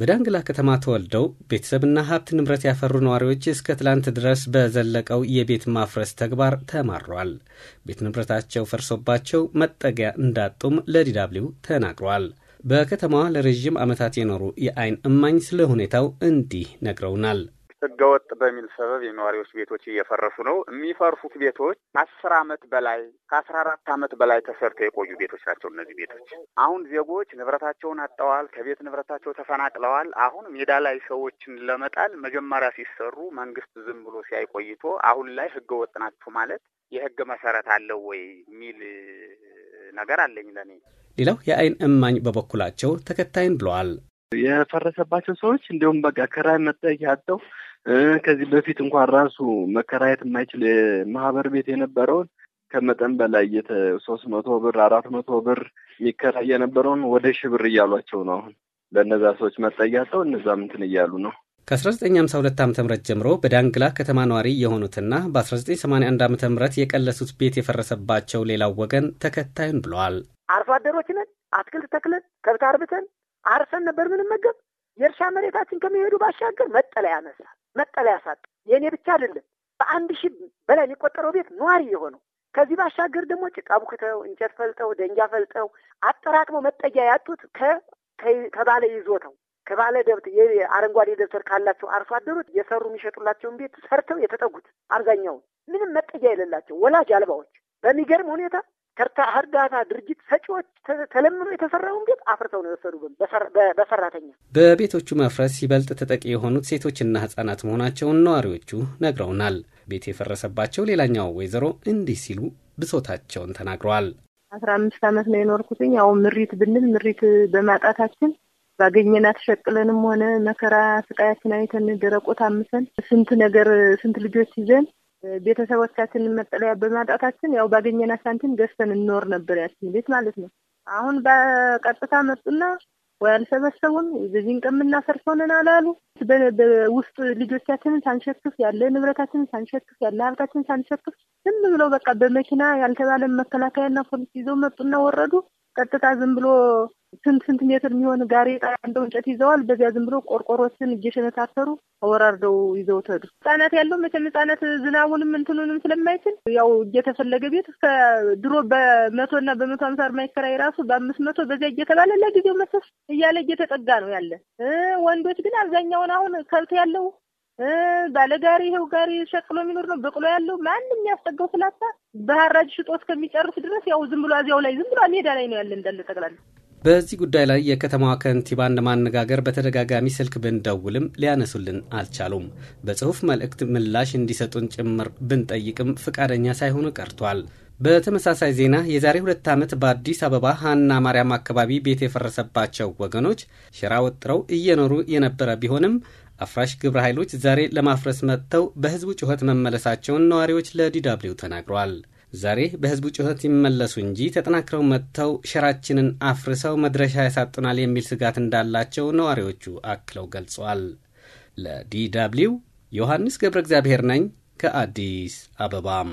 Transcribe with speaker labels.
Speaker 1: በዳንግላ ከተማ ተወልደው ቤተሰብና ሀብት ንብረት ያፈሩ ነዋሪዎች እስከ ትላንት ድረስ በዘለቀው የቤት ማፍረስ ተግባር ተማሯል። ቤት ንብረታቸው ፈርሶባቸው መጠጊያ እንዳጡም ለዲዳብሊው ተናግረዋል። በከተማዋ ለረዥም ዓመታት የኖሩ የአይን እማኝ ስለ ሁኔታው እንዲህ ነግረውናል።
Speaker 2: ህገወጥ በሚል ሰበብ የነዋሪዎች ቤቶች እየፈረሱ ነው። የሚፈርሱት ቤቶች ከአስር አመት በላይ ከአስራ አራት አመት በላይ ተሰርተው የቆዩ ቤቶች ናቸው። እነዚህ ቤቶች አሁን ዜጎች ንብረታቸውን አጠዋል፣ ከቤት ንብረታቸው ተፈናቅለዋል። አሁን ሜዳ ላይ ሰዎችን ለመጣል መጀመሪያ ሲሰሩ መንግስት ዝም ብሎ ሲያይ ቆይቶ አሁን ላይ ህገወጥ ናችሁ ማለት የህግ መሰረት አለው ወይ የሚል ነገር አለኝ ለኔ።
Speaker 1: ሌላው የአይን እማኝ በበኩላቸው ተከታይን ብለዋል።
Speaker 2: የፈረሰባቸው ሰዎች እንዲሁም በቃ ክራይ መጠየቂያ ያጠው ከዚህ በፊት እንኳን ራሱ መከራየት የማይችል ማህበር ቤት የነበረውን ከመጠን በላይ ሶስት መቶ ብር አራት መቶ ብር የሚከራይ የነበረውን ወደ ሺህ ብር እያሏቸው ነው። አሁን ለእነዛ ሰዎች መጠያ አጥተው እነዛ ምንትን እያሉ ነው።
Speaker 1: ከ1952 ዓ ም ጀምሮ በዳንግላ ከተማ ነዋሪ የሆኑትና በ1981 ዓ ም የቀለሱት ቤት የፈረሰባቸው ሌላው ወገን ተከታዩን ብለዋል።
Speaker 3: አርሶ አደሮች ነን፣ አትክልት ተክለን ከብት አርብተን አርሰን ነበር ምንመገብ። የእርሻ መሬታችን ከመሄዱ ባሻገር መጠለያ መስራት መጠለያ ሳጥ የእኔ ብቻ አይደለም በአንድ ሺህ በላይ የሚቆጠረው ቤት ነዋሪ የሆነው ከዚህ ባሻገር ደግሞ ጭቃ ቡክተው እንጨት ፈልጠው ደንጃ ፈልጠው አጠራቅመው መጠጊያ ያጡት ከባለ ይዞታው ከባለ ደብት አረንጓዴ ደብተር ካላቸው አርሶ አደሮች የሰሩ የሚሸጡላቸውን ቤት ሰርተው የተጠጉት አብዛኛውን ምንም መጠጊያ የሌላቸው ወላጅ አልባዎች በሚገርም ሁኔታ ከርታ እርዳታ ድርጅት ሰጪዎች ተለምኖ የተሰራውን ቤት አፍርተው ነው የወሰዱ። ግን በሰራተኛ
Speaker 1: በቤቶቹ መፍረስ ይበልጥ ተጠቂ የሆኑት ሴቶችና ህጻናት መሆናቸውን ነዋሪዎቹ ነግረውናል። ቤት የፈረሰባቸው ሌላኛው ወይዘሮ እንዲህ ሲሉ ብሶታቸውን ተናግረዋል። አስራ
Speaker 4: አምስት ዓመት ነው የኖርኩትኝ። ያው ምሪት ብንል ምሪት በማጣታችን ባገኘና ተሸቅለንም ሆነ መከራ ስቃያችን አይተን ደረቆት አምሰን ስንት ነገር ስንት ልጆች ይዘን ቤተሰቦቻችንን መጠለያ በማጣታችን ያው ባገኘና ሳንቲም ገዝተን እንኖር ነበር ያችን ቤት ማለት ነው። አሁን በቀጥታ መጡና ወይ አልሰበሰቡም፣ በዚህን ቀን የምናሰርፈውንን አላሉ። በውስጥ ልጆቻችንን ሳንሸክፍ ያለ ንብረታችንን ሳንሸክፍ ያለ ሀብታችንን ሳንሸክፍ ዝም ብለው በቃ በመኪና ያልተባለ መከላከያና ፖሊስ ይዘው መጡና ወረዱ። ቀጥታ ዝም ብሎ ስንት ስንት ሜትር የሚሆን ጋሬጣ እንደው እንጨት ይዘዋል። በዚያ ዝም ብሎ ቆርቆሮችን እየሸነታተሩ አወራርደው ይዘው ተዱ። ህጻናት ያለው መቼም ህጻናት ዝናቡንም እንትኑንም ስለማይችል ያው እየተፈለገ ቤት እስከ ድሮ በመቶ እና በመቶ ሀምሳ የማይከራይ ራሱ በአምስት መቶ በዚያ እየተባለ ለጊዜው መሰስ እያለ እየተጠጋ ነው ያለ። ወንዶች ግን አብዛኛውን አሁን ከብት ያለው ባለጋሪ ይኸው ጋሪ ሸቅሎ የሚኖር ነው። በቅሎ ያለው ማንም የሚያስጠጋው ስላታ በሀራጅ ሽጦ እስከሚጨርስ ድረስ ያው ዝም ብሎ እዚያው ላይ ዝም ብሎ ሜዳ ላይ ነው ያለ እንዳለ ጠቅላላ።
Speaker 1: በዚህ ጉዳይ ላይ የከተማዋ ከንቲባን ለማነጋገር በተደጋጋሚ ስልክ ብንደውልም ሊያነሱልን አልቻሉም። በጽሁፍ መልእክት ምላሽ እንዲሰጡን ጭምር ብንጠይቅም ፈቃደኛ ሳይሆኑ ቀርቷል። በተመሳሳይ ዜና የዛሬ ሁለት ዓመት በአዲስ አበባ ሀና ማርያም አካባቢ ቤት የፈረሰባቸው ወገኖች ሸራ ወጥረው እየኖሩ የነበረ ቢሆንም አፍራሽ ግብረ ኃይሎች ዛሬ ለማፍረስ መጥተው በህዝቡ ጩኸት መመለሳቸውን ነዋሪዎች ለዲዳብሊው ተናግረዋል። ዛሬ በህዝቡ ጩኸት ይመለሱ እንጂ ተጠናክረው መጥተው ሸራችንን አፍርሰው መድረሻ ያሳጡናል የሚል ስጋት እንዳላቸው ነዋሪዎቹ አክለው ገልጸዋል። ለዲዳብሊው ዮሐንስ ገብረ እግዚአብሔር ነኝ ከአዲስ አበባም